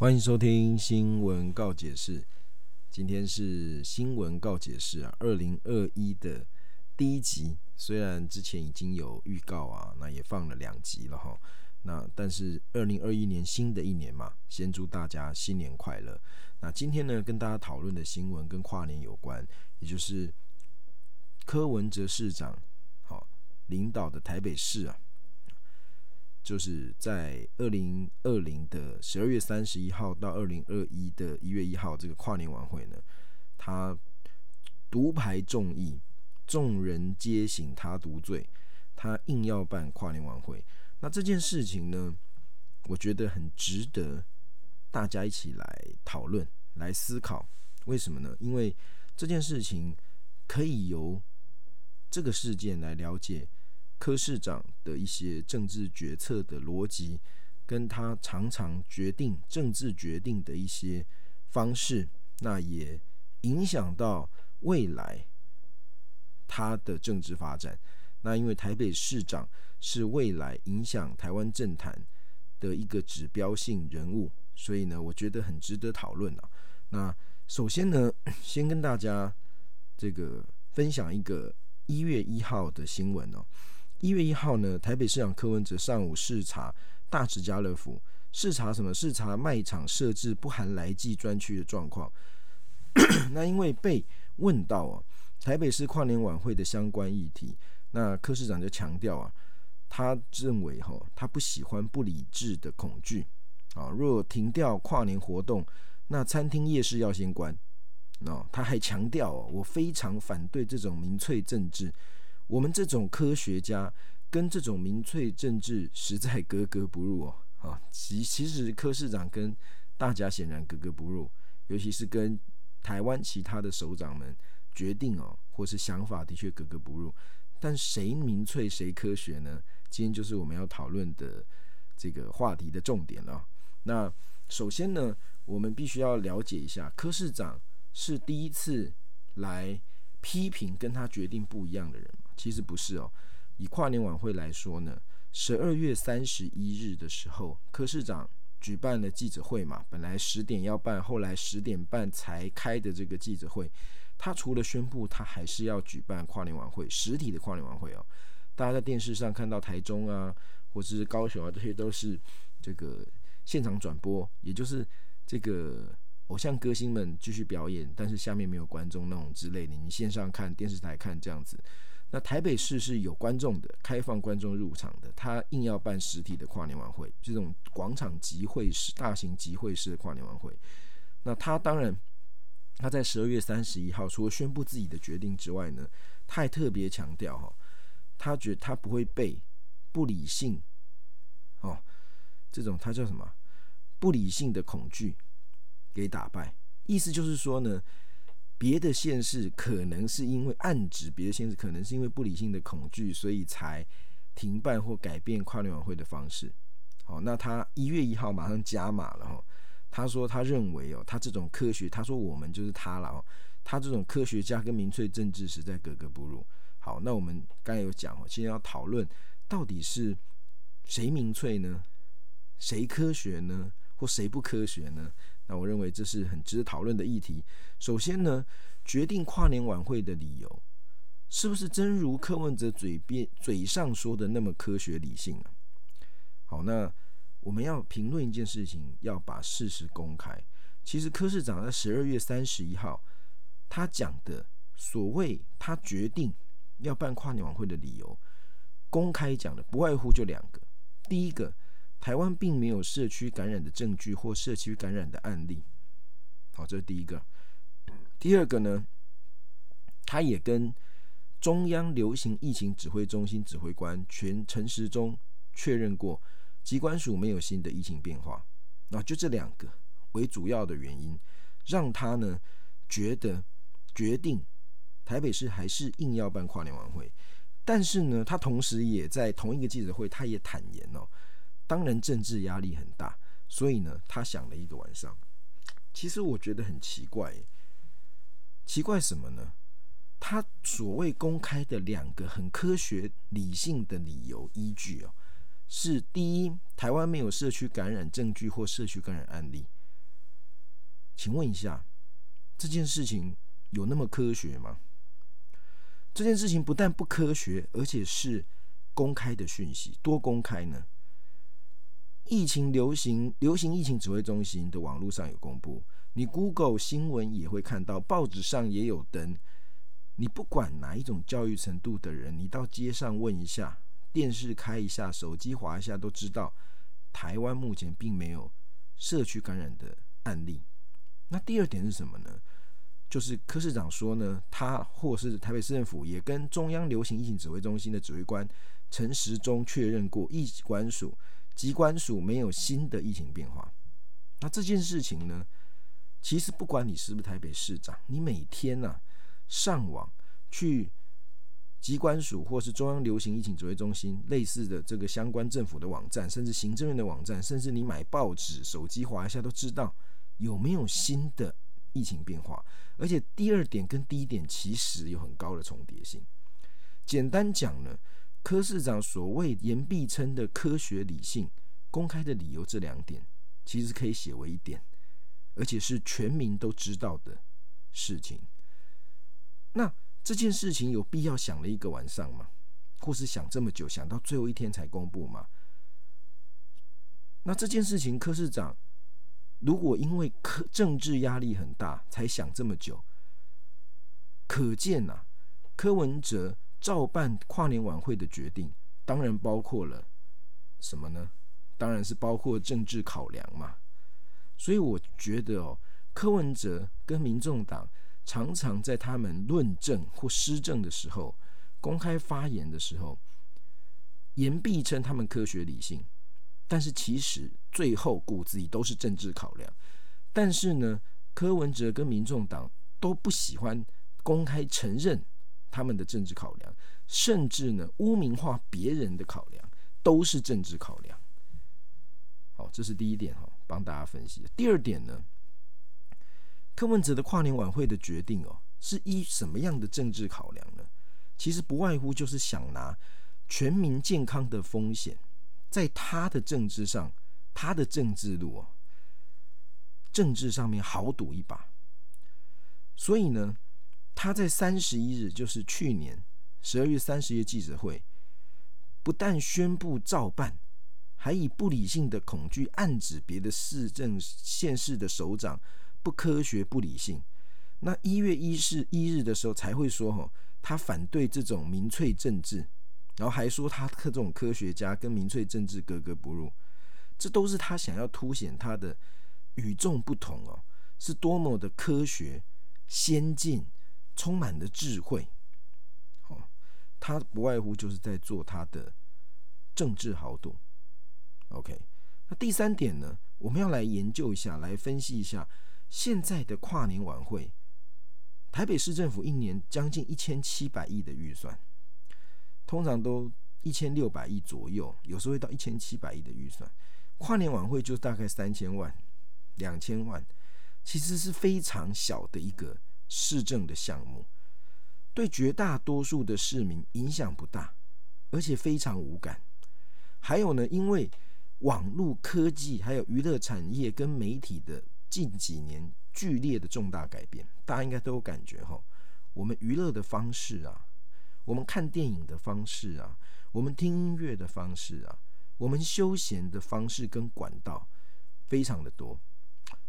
歡迎收聽《新聞告解室》。今天是《新聞告解室》啊，二零二一的第一集。雖然之前已經有預告啊，那也放了兩集了哈。那但是二零二一年新的一年嘛，先祝大家新年快樂。那今天呢，跟大家討論的新聞跟跨年有關，也就是柯文哲市長好領導的台北市啊。就是在二零二零的十二月三十一號到二零二一的一月一號，這個跨年晚會呢，他獨排眾議，眾人皆醒，他獨醉，他硬要辦跨年晚會。那這件事情呢，我覺得很值得大家一起來討論、來思考。為什麼呢？因為這件事情可以由這個事件來了解。柯市長的一些政治決策的邏輯，跟他常常決定政治決定的一些方式，那也影響到未來他的政治發展。那因為台北市長是未來影響台灣政壇的一個指標性人物，所以呢，我覺得很值得討論啊。那首先呢，先跟大家這個分享一個一月一號的新聞哦。一月一號呢，台北市長柯文哲上午視察大直家樂福，視察什麼？視察賣場設置不含萊劑專區的狀況。 那因為被問到啊，台北市跨年晚會的相關議題，那柯市長就強調啊，他認為哈、啊，他不喜歡不理智的恐懼啊。若停掉跨年活動，那餐廳夜市要先關。那、啊、他還強調哦、啊，我非常反對這種民粹政治。我們這種科學家跟這種民粹政治實在格格不入哦！啊，其其實柯市長跟大家顯然格格不入，尤其是跟台灣其他的首長們決定哦，或是想法的確格格不入。但誰民粹誰科學呢？今天就是我們要討論的這個話題的重點了哦。那首先呢，我們必須要了解一下，柯市長是第一次來批評跟他決定不一樣的人？其實不是哦。以跨年晚會來說呢，十二月三十一日的時候，柯市長舉辦了記者會嘛。本來十點要辦，後來十點半才開的這個記者會。他除了宣布，他還是要舉辦跨年晚會，實體的跨年晚會哦。大家在電視上看到台中啊，或者是高雄啊，這些都是這個現場轉播，也就是這個偶像歌星們繼續表演，但是下面沒有觀眾那種之類的。你線上看，電視台看這樣子。那台北市是有觀眾的，開放觀眾入場的，他硬要辦實體的跨年晚會，這種廣場集會式、大型集會式的跨年晚會，那他當然，他在十二月三十一號除了宣布自己的決定之外呢，他還特別強調哈，他覺得他不會被不理性，哦，這種他叫什麼不理性的恐懼給打敗，意思就是說呢。別的縣市可能是因為暗指，別的縣市可能是因為不理性的恐懼，所以才停辦或改變跨年晚會的方式。好，那他一月一號馬上加碼了。他說他認為哦，他這種科學，他說我們就是他了。他這種科學家跟民粹政治實在格格不入。好，那我們剛才有講哦，現在要討論到底是誰民粹呢？誰科學呢？或誰不科學呢？那我認為這是很值得討論的議題。首先呢，決定跨年晚會的理由，是不是真如柯文哲嘴邊嘴上說的那麼科學理性啊？好，那我們要評論一件事情，要把事實公開。其實柯市長在十二月三十一號他講的所謂他決定要辦跨年晚會的理由，公開講的不外乎就兩個，第一個。台灣並沒有社區感染的證據或社區感染的案例，好，這是第一個。第二個呢，他也跟中央流行疫情指揮中心指揮官陳陳時中確認過，疾管署沒有新的疫情變化。那就這兩個為主要的原因，讓他呢覺得決定台北市還是硬要辦跨年晚會。但是呢，他同時也在同一個記者會，他也坦言哦。當然，政治壓力很大，所以呢，他想了一個晚上。其實我覺得很奇怪，奇怪什麼呢？他所謂公開的兩個很科學理性的理由依據哦，是第一，台灣沒有社區感染證據或社區感染案例。請問一下，這件事情有那麼科學嗎？這件事情不但不科學，而且是公開的訊息，多公開呢？疫情流行，流行疫情指揮中心的網絡上有公布，你 Google 新聞也會看到，報紙上也有登。你不管哪一種教育程度的人，你到街上問一下，電視開一下，手機滑一下，都知道台灣目前並沒有社區感染的案例。那第二點是什麼呢？就是柯市長說呢，他或是台北市政府也跟中央流行疫情指揮中心的指揮官陳時中確認過，疫管署。疾管署沒有新的疫情變化，那這件事情呢？其實不管你是不是台北市長，你每天呢、啊、上網去疾管署或是中央流行疫情指揮中心類似的這個相關政府的網站，甚至行政院的網站，甚至你買報紙，手機滑一下都知道有沒有新的疫情變化。而且第二點跟第一點其實有很高的重疊性。簡單講呢，柯市長所謂言必稱的科學理性、公開的理由這兩點，其實可以寫為一點，而且是全民都知道的事情。那這件事情有必要想了一個晚上嗎？或是想這麼久，想到最後一天才公布嗎？那這件事情，柯市長如果因為科政治壓力很大才想這麼久，可見吶、啊，柯文哲。照辦跨年晚會的決定，當然包括了什麼呢？當然是包括政治考量嘛。所以我覺得哦，柯文哲跟民眾黨常常在他們論證或施政的時候，公開發言的時候，言必稱他們科學理性，但是其實最後骨子裡都是政治考量。但是呢，柯文哲跟民眾黨都不喜歡公開承認。他們的政治考量，甚至呢污名化別人的考量，都是政治考量。好，這是第一點哈、哦，幫大家分析。第二點呢，柯文哲的跨年晚會的決定哦，是依什麼樣的政治考量呢？其實不外乎就是想拿全民健康的風險，在他的政治上，他的政治路哦，政治上面豪賭一把。所以呢。他在三十一日，就是去年十二月三十一日記者會，不但宣布照辦，還以不理性的恐懼暗指別的市政縣市的首長不科學、不理性。那一月一日的時候，才會說吼，他反對這種民粹政治，然後還說他這種科學家跟民粹政治格格不入，這都是他想要凸顯他的與眾不同哦，是多麼的科學先進。充滿了智慧，哦，他不外乎就是在做他的政治豪賭。OK，那第三點呢，我們要來研究一下，來分析一下現在的跨年晚會。台北市政府一年將近一千七百億的預算，通常都一千六百億左右，有時候會到一千七百億的預算。跨年晚會就大概三千萬、兩千萬，其實是非常小的一個。市政的項目，對絕大多數的市民影響不大，而且非常無感。還有呢，因為網絡科技，還有娛樂產業跟媒體的近幾年劇烈的重大改變，大家應該都有感覺哈。我們娛樂的方式啊，我們看電影的方式啊，我們聽音樂的方式啊，我們休閒的方式跟管道，非常的多。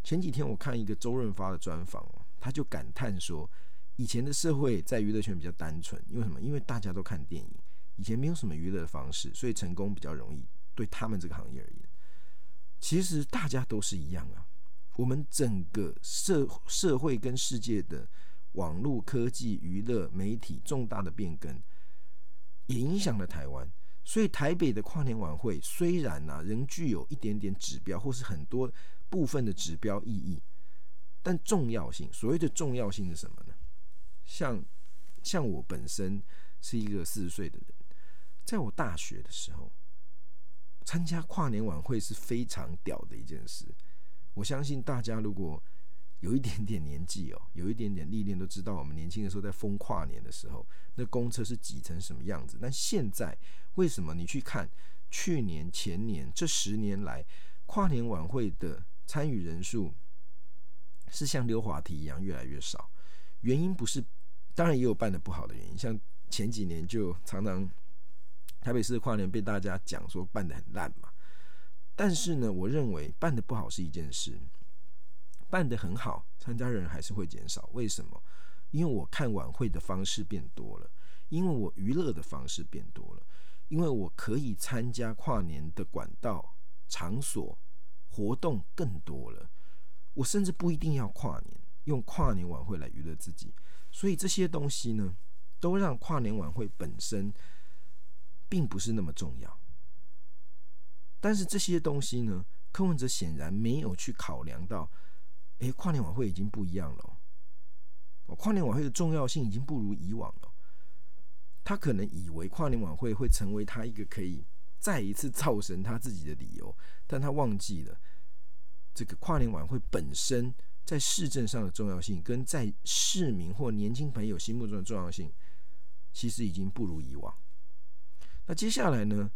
前幾天我看一個周潤發的專訪。他就感嘆說：“以前的社會在娛樂圈比較單純，因為什麼？因為大家都看電影，以前沒有什麼娛樂的方式，所以成功比較容易。對他們這個行業而言，其實大家都是一樣啊。我們整個社社會跟世界的網絡科技娛樂媒體重大的變更，也影響了台灣。所以台北的跨年晚會雖然呢、啊，仍具有一點點指標，或是很多部分的指標意義。”但重要性，所謂的重要性是什麼呢？像、像我本身是一個四十歲的人，在我大學的時候，參加跨年晚會是非常屌的一件事。我相信大家如果有一點點年紀哦、喔，有一點點歷練，都知道我們年輕的時候在瘋跨年的時候，那公車是擠成什麼樣子。但現在為什麼你去看去年、前年這十年來跨年晚會的參與人數，是像溜滑梯一樣越來越少，原因不是，當然也有辦的不好的原因，像前幾年就常常台北市的跨年被大家講說辦的很爛嘛。但是呢，我認為辦的不好是一件事，辦的很好，參加人還是會減少。為什麼？因為我看晚會的方式變多了，因為我娛樂的方式變多了，因為我可以參加跨年的管道場所活動更多了。我甚至不一定要跨年，用跨年晚會來娛樂自己，所以這些東西呢，都讓跨年晚會本身並不是那麼重要。但是這些東西呢，柯文哲顯然沒有去考量到，誒，跨年晚會已經不一樣了，跨年晚會的重要性已經不如以往了。他可能以為跨年晚會會成為他一個可以再一次造神他自己的理由，但他忘記了。這個跨年晚會本身在市政上的重要性，跟在市民或年輕朋友心目中的重要性，其實已經不如以往。那接下來呢，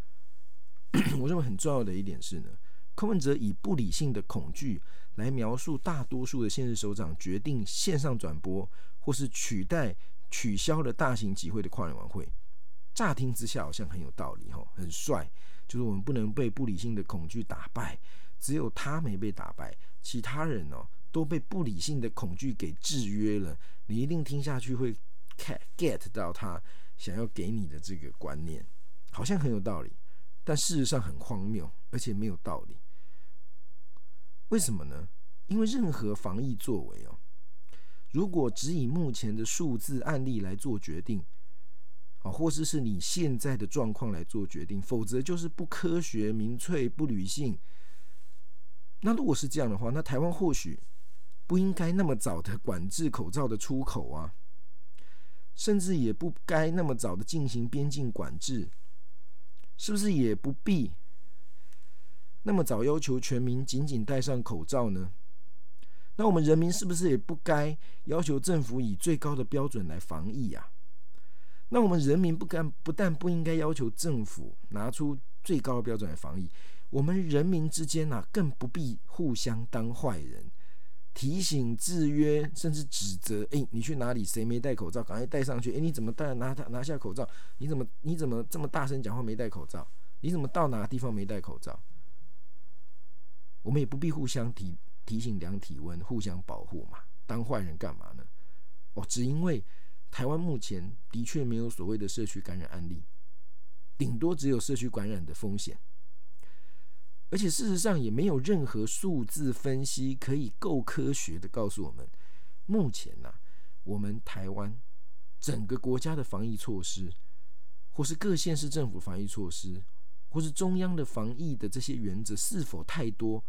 我認為很重要的一點是呢，柯文哲以不理性的恐懼來描述大多數的縣市首長決定線上轉播或是取代取消了大型集會的跨年晚會。乍聽之下好像很有道理哈，很帥，就是我們不能被不理性的恐懼打敗。只有他沒被打敗，其他人哦都被不理性的恐懼給制約了。你一定聽下去會 get 到他想要給你的這個觀念，好像很有道理，但事實上很荒謬，而且沒有道理。為什麼呢？因為任何防疫作為哦，如果只以目前的數字案例來做決定，或是是你現在的狀況來做決定，否則就是不科學、民粹、不理性。那如果是這樣的話，那台灣或許不應該那麼早的管制口罩的出口啊，甚至也不該那麼早的進行邊境管制，是不是也不必那麼早要求全民緊緊戴上口罩呢？那我們人民是不是也不該要求政府以最高的標準來防疫啊？那我們人民不該，不但不應該要求政府拿出最高的標準來防疫。我們人民之間吶、啊，更不必互相當壞人，提醒、制約，甚至指責。哎、欸，你去哪裡？誰沒戴口罩？趕快戴上去！哎、欸，你怎麼戴？拿他拿下口罩？你怎麼你怎麼這麼大聲講話？沒戴口罩？你怎麼到哪個地方沒戴口罩？我們也不必互相提提醒、量體溫、互相保護嘛。當壞人幹嘛呢？哦，只因為台灣目前的確沒有所謂的社區感染案例，頂多只有社區感染的風險。而且事實上也沒有任何數字分析可以夠科學的告訴我們，目前吶、啊，我們台灣整個國家的防疫措施，或是各縣市政府防疫措施，或是中央的防疫的這些原則是否太多，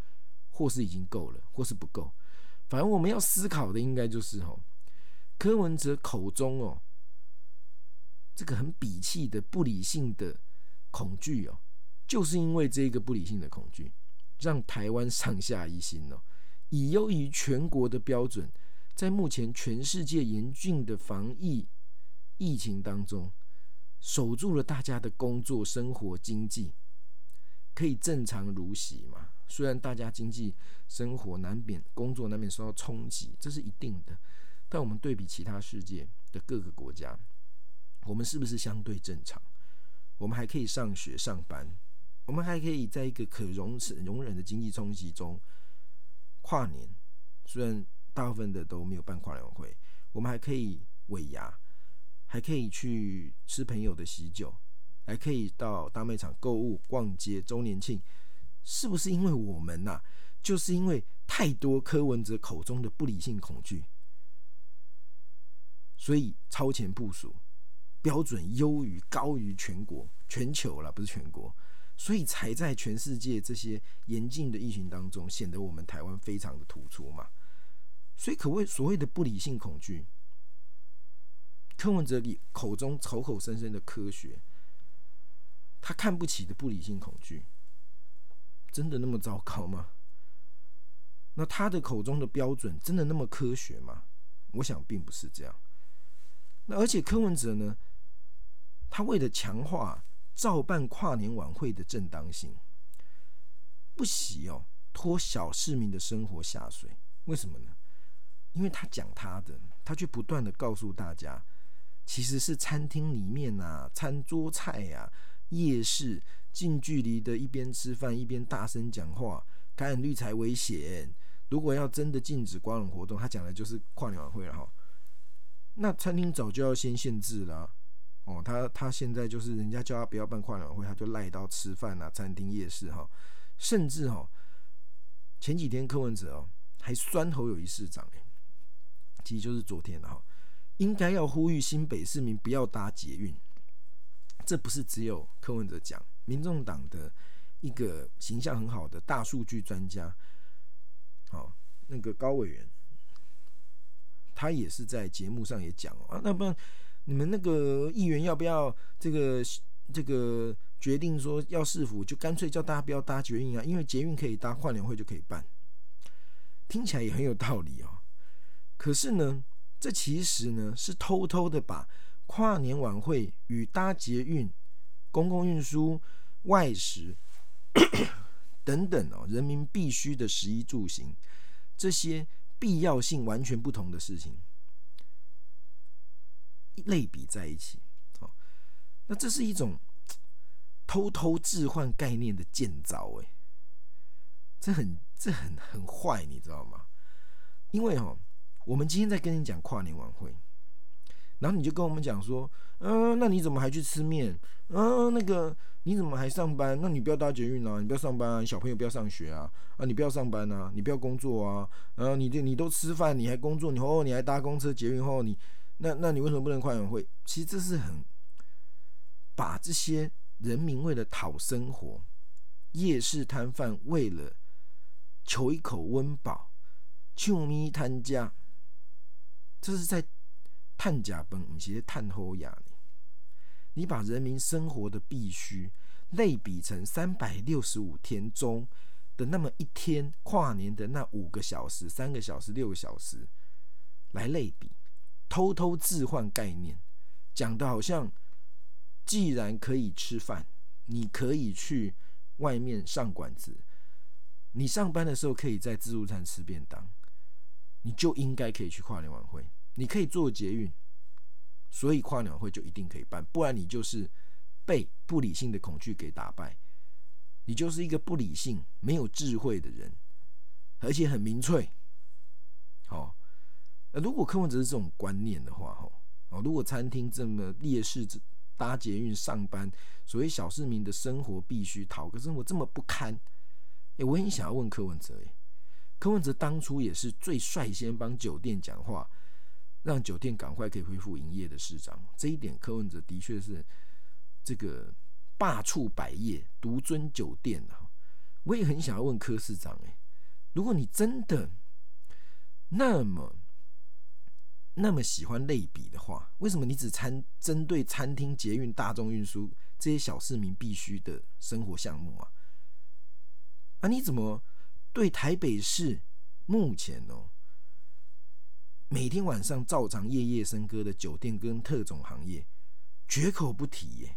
或是已經夠了，或是不夠。反正我們要思考的應該就是哦，柯文哲口中哦，這個很鄙棄的、不理性的恐懼哦。就是因為這個不理性的恐懼，讓台灣上下一心哦，以優於全國的標準，在目前全世界嚴峻的防疫疫情當中，守住了大家的工作、生活、經濟，可以正常如昔嘛？雖然大家經濟生活難免、工作難免受到衝擊，這是一定的。但我們對比其他世界的各個國家，我們是不是相對正常？我們還可以上學、上班。我們還可以在一個可容忍、容忍的經濟衝擊中跨年，雖然大部分的都沒有辦跨年晚會，我們還可以尾牙，還可以去吃朋友的喜酒，還可以到大賣場購物、逛街、周年慶。是不是因為我們吶、啊？就是因為太多柯文哲口中的不理性恐懼，所以超前部署，標準優於、高於全國、全球啦，不是全國。所以才在全世界這些嚴峻的疫情當中，顯得我們台灣非常的突出嘛。所以，可謂所謂的不理性恐懼，柯文哲裡口中口口聲聲的科學，他看不起的不理性恐懼，真的那麼糟糕嗎？那他的口中的標準，真的那麼科學嗎？我想並不是這樣。那而且柯文哲呢，他為了強化。照辦跨年晚會的正當性，不惜哦，拖小市民的生活下水，為什麼呢？因為他講他的，他卻不斷的告訴大家，其實是餐廳裡面啊，餐桌菜呀、啊，夜市近距離的，一邊吃飯一邊大聲講話，感染率才危險。如果要真的禁止跨年活動，他講的就是跨年晚會了哈。那餐廳早就要先限制啦。哦，他他現在就是人家叫他不要辦跨年晚會，他就賴到吃飯啊、餐廳夜市哈、哦，甚至哈、哦，前幾天柯文哲哦還酸侯友宜市長其實就是昨天的哈、哦，應該要呼籲新北市民不要搭捷運，這不是只有柯文哲講，民眾黨的一個形象很好的大數據專家，哦，那個高委員，他也是在節目上也講哦、啊，那不然。你們那個議員要不要這個這個決定說要市府就乾脆叫大家不要搭捷運啊？因為捷運可以搭，跨年會就可以辦，聽起來也很有道理哦。可是呢，這其實呢是偷偷的把跨年晚會與搭捷運、公共運輸、外食咳咳等等哦，人民必須的食衣住行這些必要性完全不同的事情。一類比在一起，哦，那這是一種偷偷置換概念的賤招。誒，這很這很很壞，你知道嗎？因為哦，我們今天在跟你講跨年晚會，然後你就跟我們講說，嗯、啊，那你怎麼還去吃麵？嗯、啊，那個你怎麼還上班？那你不要搭捷運啊，你不要上班、啊，小朋友不要上學啊，啊，你不要上班啊，你不要工作啊，嗯、啊，你的你都吃飯，你還工作，你哦，你還搭公車捷運，後、哦、你。那那你為什麼不能跨年會？其實這是很把這些人民為了討生活，夜市攤販為了求一口溫飽，臭咪攤家，這是在探甲飯，不是在探侯雅你，你把人民生活的必須類比成三百六十五天中的那麼一天，跨年的那五個小時、三個小時、六個小時來類比。偷偷置換概念，講的好像，既然可以吃飯，你可以去外面上館子；你上班的時候可以在自助餐吃便當，你就應該可以去跨年晚會，你可以坐捷運，所以跨年晚會就一定可以辦。不然你就是被不理性的恐懼給打敗，你就是一個不理性、沒有智慧的人，而且很民粹。哦。如果柯文哲是這種觀念的話，哦，如果餐廳這麼劣勢，搭捷運上班，所謂小市民的生活必須討個生活這麼不堪，哎、欸，我很想要問柯文哲，哎，柯文哲當初也是最率先幫酒店講話，讓酒店趕快可以恢復營業的市長，這一點柯文哲的確是這個罷黜百業，獨尊酒店啊，我也很想要問柯市長，哎，如果你真的那麼。那麼喜歡類比的話，為什麼你只參針對餐廳、捷運、大眾運輸這些小市民必須的生活項目啊？啊，你怎麼對台北市目前哦，每天晚上照常夜夜笙歌的酒店跟特種行業絕口不提耶？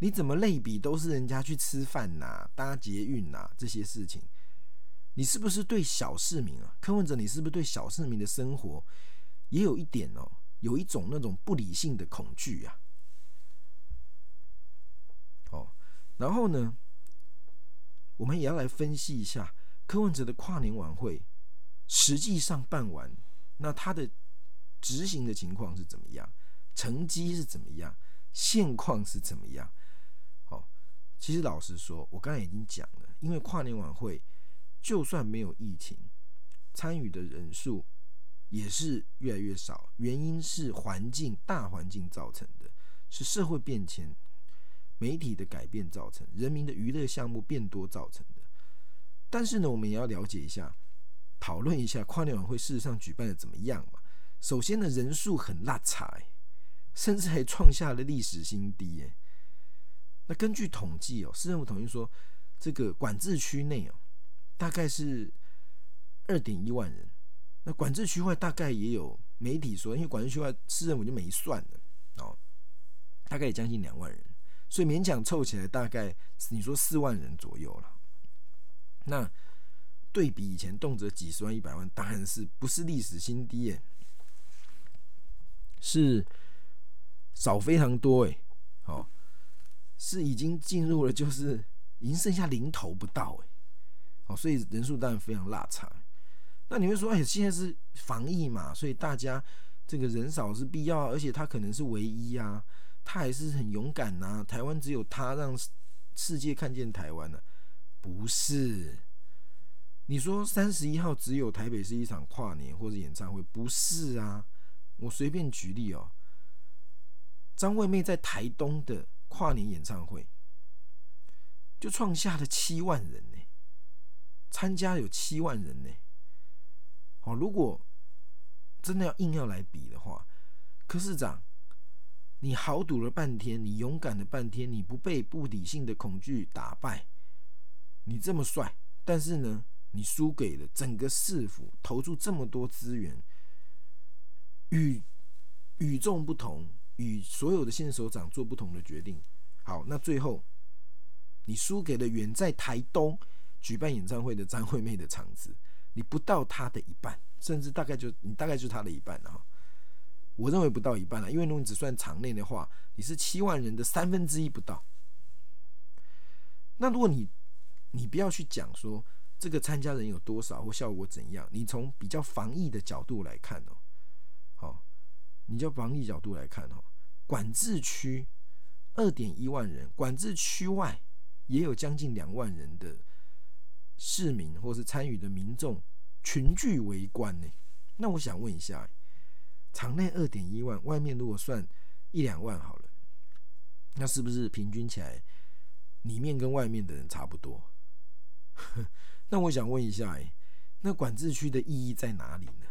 你怎麼類比都是人家去吃飯吶、啊、搭捷運吶、啊、這些事情？你是不是對小市民啊？柯文哲，你是不是對小市民的生活，也有一點哦，有一種那種不理性的恐懼呀、啊。哦，然後呢，我們也要來分析一下柯文哲的跨年晚會，實際上辦完，那他的執行的情況是怎麼樣，成績是怎麼樣，現況是怎麼樣？哦，其實老實說，我剛才已經講了，因為跨年晚會就算沒有疫情，參與的人數，也是越來越少，原因是環境大環境造成的，是社會變遷、媒體的改變造成，人民的娛樂項目變多造成的。但是呢，我們也要了解一下，討論一下跨年晚會事實上舉辦得怎麼樣嘛？首先呢，人數很拉彩、欸，甚至還創下了歷史新低、欸。耶。那根據統計哦、喔，市政府統計說，這個管制區內哦，大概是二點一萬人。那管制區外大概也有媒體說，因為管制區外市政府就沒算的哦，大概也將近兩萬人，所以勉強湊起來大概是你說四萬人左右了。那對比以前動輒幾十萬、一百萬，當然是不是歷史新低、欸、是少非常多哎，哦，是已經進入了就是已經剩下零頭不到哎，哦，所以人數當然非常落差。那你會說：“哎，現在是防疫嘛，所以大家這個人少是必要，而且他可能是唯一啊，他還是很勇敢啊。台灣只有他讓世界看見台灣了，不是？你說三十一號只有台北是一場跨年或者演唱會，不是啊？我隨便舉例哦，張惠妹在台東的跨年演唱會就創下了七萬人呢，參加有七萬人呢。”好，如果真的要硬要來比的話，柯市長，你豪賭了半天，你勇敢了半天，你不被不理性的恐懼打敗，你這麼帥，但是呢，你輸給了整個市府投注這麼多資源，與與眾不同，與所有的縣首長做不同的決定。好，那最後你輸給了遠在台東舉辦演唱會的張惠妹的場子。你不到他的一半，甚至大概就你大概就是他的一半了。我認為不到一半了，因為如果你只算場內的話，你是七萬人的三分之一不到。那如果你你不要去講說這個參加人有多少或效果怎樣，你從比較防疫的角度來看哦，你就防疫角度來看哦，管制區二點一萬人，管制區外也有將近兩萬人的。市民或是參與的民眾群聚圍觀呢？那我想問一下，場內二點一萬，外面如果算一兩萬好了，那是不是平均起來裡面跟外面的人差不多？ 那我想問一下，那管制區的意義在哪裡呢？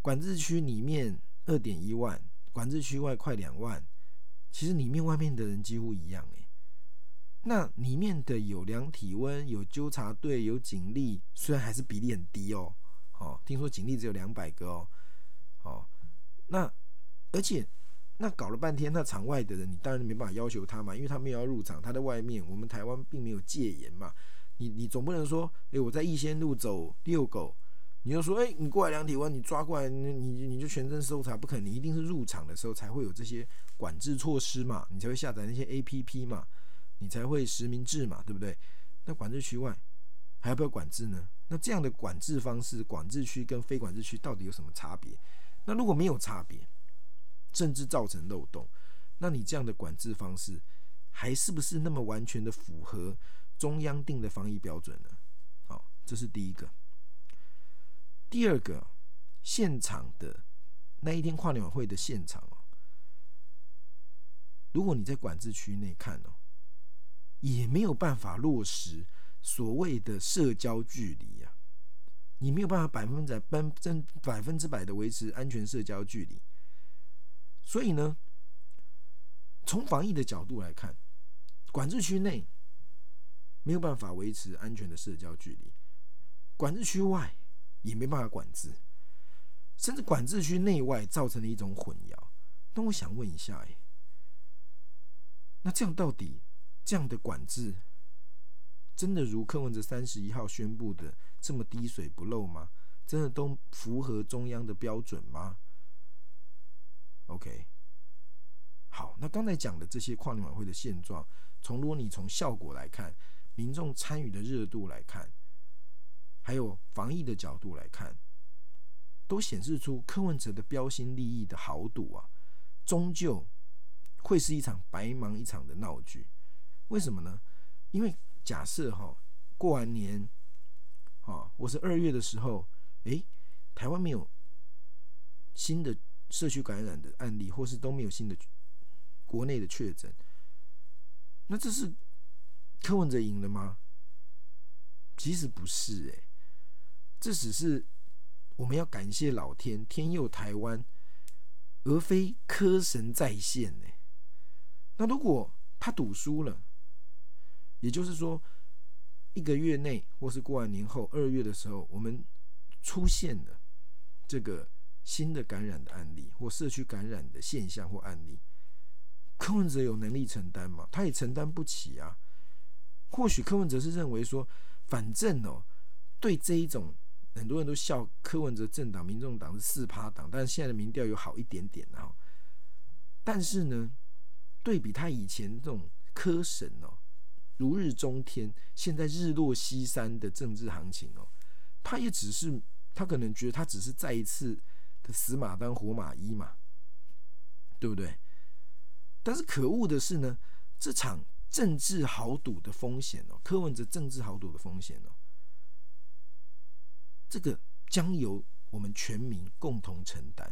管制區裡面二點一萬，管制區外快兩萬，其實裡面外面的人幾乎一樣，哎那裡面的有量體溫，有糾察隊，有警力，雖然還是比例很低哦。哦，聽說警力只有兩百個哦。哦，那而且那搞了半天，那場外的人你當然沒辦法要求他嘛，因為他沒有要入場，他在外面。我們台灣並沒有戒嚴嘛，你你總不能說，誒、欸，我在逸仙路走遛狗，你就說，誒、欸，你過來量體溫，你抓過來，你你你就全身搜查，不可能，你一定是入場的時候才會有這些管制措施嘛，你才會下載那些 APP 嘛。你才會實名制嘛，對不對？那管制區外還要不要管制呢？那這樣的管制方式，管制區跟非管制區到底有什麼差別？那如果沒有差別，甚至造成漏洞，那你這樣的管制方式還是不是那麼完全的符合中央定的防疫標準呢？好，這是第一個。第二個，現場的那一天跨年晚會的現場哦，如果你在管制區內看哦。也沒有辦法落實所謂的社交距離呀，你沒有辦法百分之百、真百分之百的維持安全社交距離。所以呢，從防疫的角度來看，管制區內沒有辦法維持安全的社交距離，管制區外也沒辦法管制，甚至管制區內外造成了一種混淆。那我想問一下，欸，那這樣到底？這樣的管制，真的如柯文哲三十一號宣布的這麼滴水不漏嗎？真的都符合中央的標準嗎？OK，好，那剛才講的這些跨年晚會的現狀，從如果你從效果來看，民眾參與的熱度來看，還有防疫的角度來看，都顯示出柯文哲的標新立異的豪賭啊，終究會是一場白忙一場的鬧劇。為什麼呢？因為假設哈、哦，過完年，哦，我是二月的時候，哎，台灣沒有新的社區感染的案例，或是都沒有新的國內的確診，那這是柯文哲贏了嗎？其實不是、欸，哎，這只是我們要感謝老天，天佑台灣，而非科神在線、欸，哎。那如果他賭輸了？也就是說，一個月內，或是過完年後二月的時候，我們出現了這個新的感染的案例，或社區感染的現象或案例，柯文哲有能力承擔嗎？他也承擔不起啊。或許柯文哲是認為說，反正喔，對這一種很多人都笑柯文哲政黨民眾黨是四趴黨，但是現在的民調有好一點點啊。但是呢，對比他以前這種柯神哦。如日中天，現在日落西山的政治行情哦，他也只是他可能覺得他只是再一次的死馬當活馬醫嘛，對不對？但是可惡的是呢，這場政治豪賭的風險哦，柯文哲政治豪賭的風險哦，這個將由我們全民共同承擔，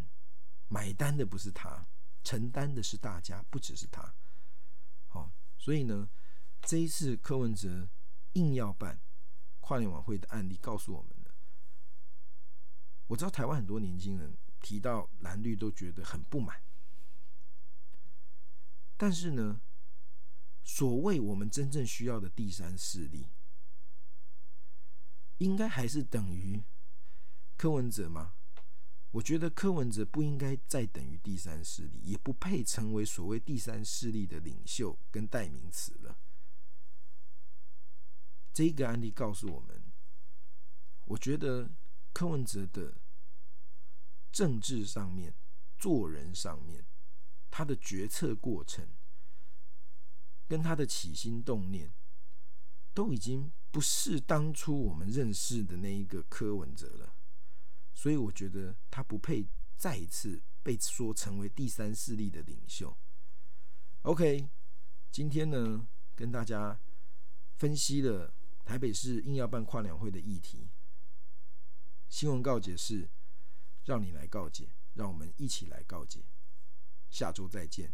買單的不是他，承擔的是大家，不只是他。哦，所以呢。這一次柯文哲硬要辦跨年晚會的案例告訴我們了。我知道台灣很多年輕人提到藍綠都覺得很不滿，但是呢，所謂我們真正需要的第三勢力，應該還是等於柯文哲嗎？我覺得柯文哲不應該再等於第三勢力，也不配成為所謂第三勢力的領袖跟代名詞了。這個案例告訴我們，我覺得柯文哲的政治上面、做人上面，他的決策過程跟他的起心動念，都已經不是當初我們認識的那一個柯文哲了。所以我覺得他不配再一次被說成為第三勢力的領袖。OK，今天呢，跟大家分析了。台北市硬要辦跨兩會的議題。新聞告解室，讓你來告解，讓我們一起來告解。下周再見。